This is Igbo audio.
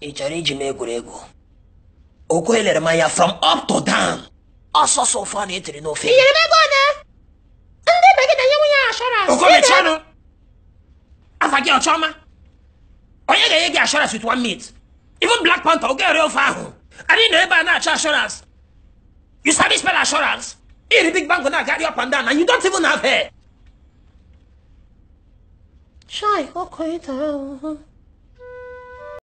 ị chọrọ iji m egwuregwu okwe lere m anya from up to down ọsọsọ ụfọ na etiri n'ofe inyere m ego onye ndị be gị na-enye nwunye ashọrans okomechanụ afa gị ọchọma onye ga-enye gị ashọrans with one minute even black panther oge ere ofe ahụ anyị nọ ebe a na-achọ ashọrans you sabi spell ashọrans iri big bank na-agagharị up and down and you don't even have hair. Shy, ọkọ ịta ahụhụ.